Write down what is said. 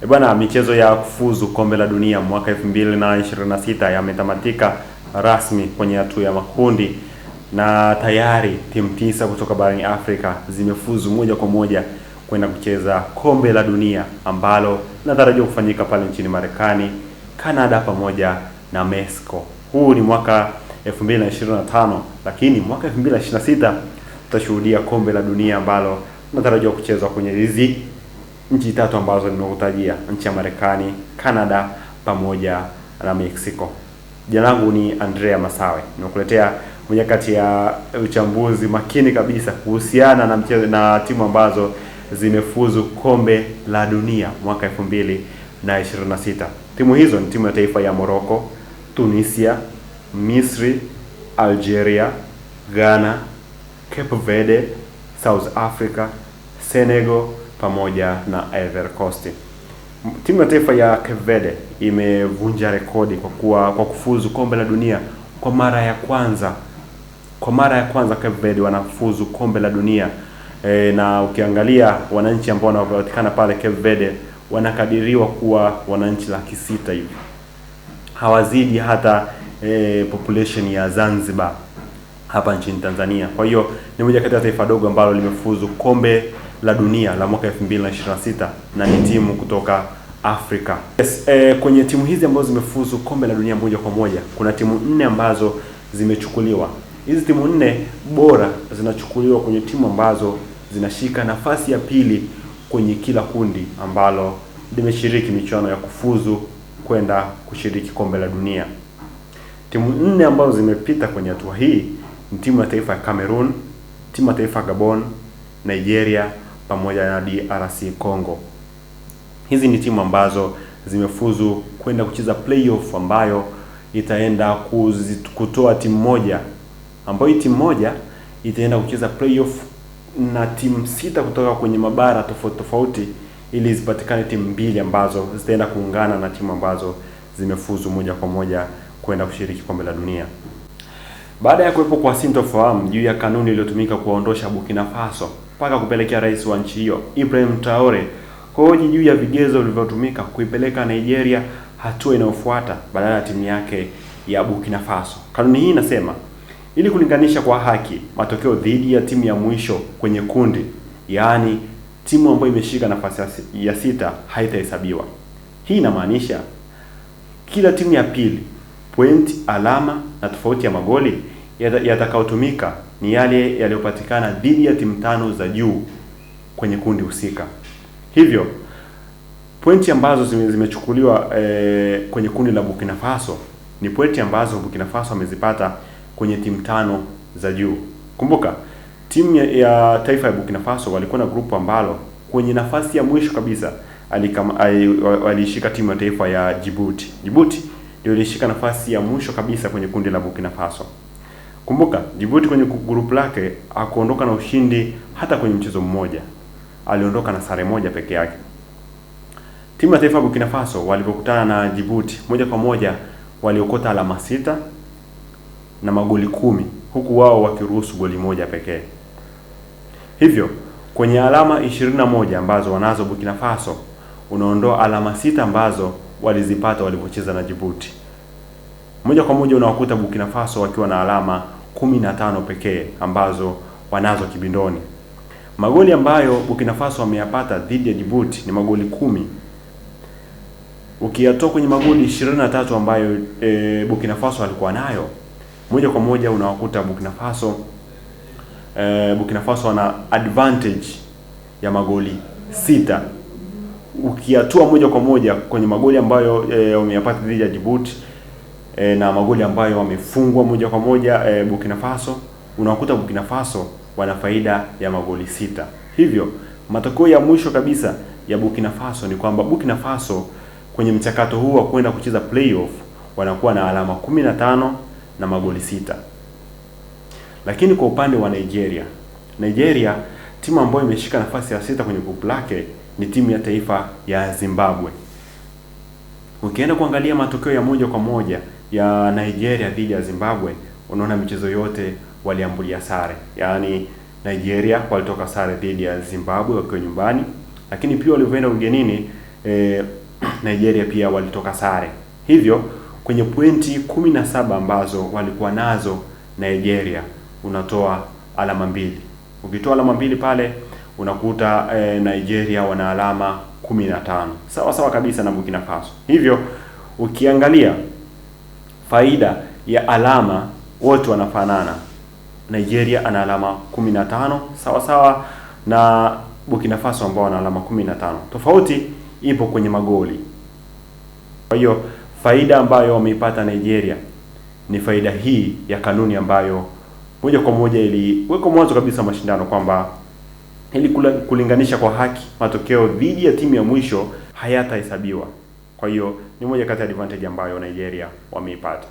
E bwana, michezo ya kufuzu kombe la dunia mwaka 2026 yametamatika rasmi kwenye hatua ya makundi na tayari timu tisa kutoka barani Afrika zimefuzu moja kwa moja kwenda kucheza kombe la dunia ambalo linatarajiwa kufanyika pale nchini Marekani, Kanada pamoja na Mexico. Huu ni mwaka 2025, lakini mwaka 2026 tutashuhudia kombe la dunia ambalo linatarajiwa kuchezwa kwenye hizi nchi tatu ambazo nimekutajia, nchi ya Marekani, Canada pamoja na Mexico. Jina langu ni Andrea Masawe, nimekuletea moja kati ya uchambuzi makini kabisa kuhusiana na mchezo na timu ambazo zimefuzu kombe la dunia mwaka elfu mbili na ishirini na sita. Timu hizo ni timu ya taifa ya Morocco, Tunisia, Misri, Algeria, Ghana, Cape Verde, South Africa, Senegal pamoja na Ivory Coast. Timu ya taifa ya Cape Verde imevunja rekodi kwa kuwa, kwa kufuzu kombe la dunia kwa mara ya kwanza. Kwa mara ya kwanza Cape Verde wanafuzu kombe la dunia e, na ukiangalia wananchi ambao wanapatikana pale Cape Verde wanakadiriwa kuwa wananchi laki sita hivi, hawazidi hata e, population ya Zanzibar hapa nchini Tanzania. Kwa hiyo ni moja kati ya taifa dogo ambalo limefuzu kombe la dunia la mwaka 2026 na ni timu kutoka Afrika. Yes, eh, kwenye timu hizi ambazo zimefuzu kombe la dunia moja kwa moja kuna timu nne ambazo zimechukuliwa. Hizi timu nne bora zinachukuliwa kwenye timu ambazo zinashika nafasi ya pili kwenye kila kundi ambalo limeshiriki michuano ya kufuzu kwenda kushiriki kombe la dunia. Timu nne ambazo zimepita kwenye hatua hii ni timu ya taifa ya Cameroon, timu ya taifa ya Gabon, Nigeria pamoja na DRC Congo. Hizi ni timu ambazo zimefuzu kwenda kucheza playoff ambayo itaenda kutoa timu moja ambayo timu moja itaenda kucheza playoff na timu sita kutoka kwenye mabara tofauti tofauti, ili zipatikane timu mbili ambazo zitaenda kuungana na timu ambazo zimefuzu moja kwa moja kwenda kushiriki kombe la dunia. Baada ya kuwepo kwa sintofahamu juu ya kanuni iliyotumika kuwaondosha Burkina Faso mpaka kupelekea rais wa nchi hiyo Ibrahim Traore kuhoji juu ya vigezo vilivyotumika kuipeleka Nigeria hatua inayofuata badala ya timu yake ya Burkina Faso. Kanuni hii inasema ili kulinganisha kwa haki matokeo dhidi ya timu ya mwisho kwenye kundi, yaani timu ambayo imeshika nafasi ya sita haitahesabiwa. Hii inamaanisha kila timu ya pili point alama na tofauti ya magoli yatakayotumika ni yale yaliyopatikana dhidi ya timu tano za juu kwenye kundi husika. Hivyo pointi ambazo zimechukuliwa e, kwenye kundi la Burkina Faso ni pointi ambazo Burkina Faso amezipata kwenye timu tano za juu. Kumbuka timu ya, ya taifa ya Burkina Faso walikuwa na grupu ambalo kwenye nafasi ya mwisho kabisa alishika timu ya taifa ya Djibouti. Djibouti ndio ilishika nafasi ya mwisho kabisa kwenye kundi la Burkina Faso. Kumbuka, Djibouti kwenye grupu lake akuondoka na ushindi hata kwenye mchezo mmoja, aliondoka na sare moja peke yake. Timu ya taifa Burkina Faso walipokutana na Djibouti moja kwa moja waliokota alama sita na magoli kumi huku wao wakiruhusu goli moja pekee. Hivyo kwenye alama 21 ambazo wanazo Burkina Faso unaondoa alama sita ambazo walizipata walipocheza na Djibouti. Moja kwa moja unawakuta Burkina Faso wakiwa na alama kumi na tano pekee ambazo wanazo kibindoni. Magoli ambayo Burkina Faso wameyapata dhidi ya Djibouti ni magoli kumi ukiyatoa kwenye magoli 23 ambayo e, Burkina Faso alikuwa nayo, moja kwa moja unawakuta Burkina Faso e, Burkina Faso wana advantage ya magoli sita ukiatua moja kwa moja kwenye magoli ambayo e, wameyapata dhidi ya Djibouti e, na magoli ambayo wamefungwa moja kwa moja e, Burkina Faso, unakuta Burkina Faso wana faida ya magoli sita. Hivyo matokeo ya mwisho kabisa ya Burkina Faso ni kwamba Burkina Faso kwenye mchakato huu wa kwenda kucheza playoff wanakuwa na alama 15 na magoli sita. Lakini kwa upande wa Nigeria, Nigeria timu ambayo imeshika nafasi ya sita kwenye grupu lake ni timu ya taifa ya Zimbabwe. Ukienda kuangalia matokeo ya moja kwa moja ya Nigeria dhidi ya Zimbabwe, unaona michezo yote waliambulia sare, yaani Nigeria walitoka sare dhidi ya Zimbabwe wakiwa nyumbani, lakini pia walivyoenda ugenini e, Nigeria pia walitoka sare. Hivyo kwenye pointi kumi na saba ambazo walikuwa nazo Nigeria unatoa alama mbili. Ukitoa alama mbili pale unakuta e, Nigeria wana alama 15 sawa sawa kabisa na Burkina Faso. Hivyo ukiangalia faida ya alama, wote wanafanana. Nigeria ana alama 15 sawa sawa na Burkina Faso ambao wana alama 15. Tofauti ipo kwenye magoli. Kwa hiyo faida ambayo wameipata Nigeria ni faida hii ya kanuni ambayo moja kwa moja iliwekwa mwanzo kabisa mashindano kwamba ili kulinganisha kwa haki, matokeo dhidi ya timu ya mwisho hayatahesabiwa. Kwa hiyo ni moja kati ya advantage ambayo Nigeria wameipata.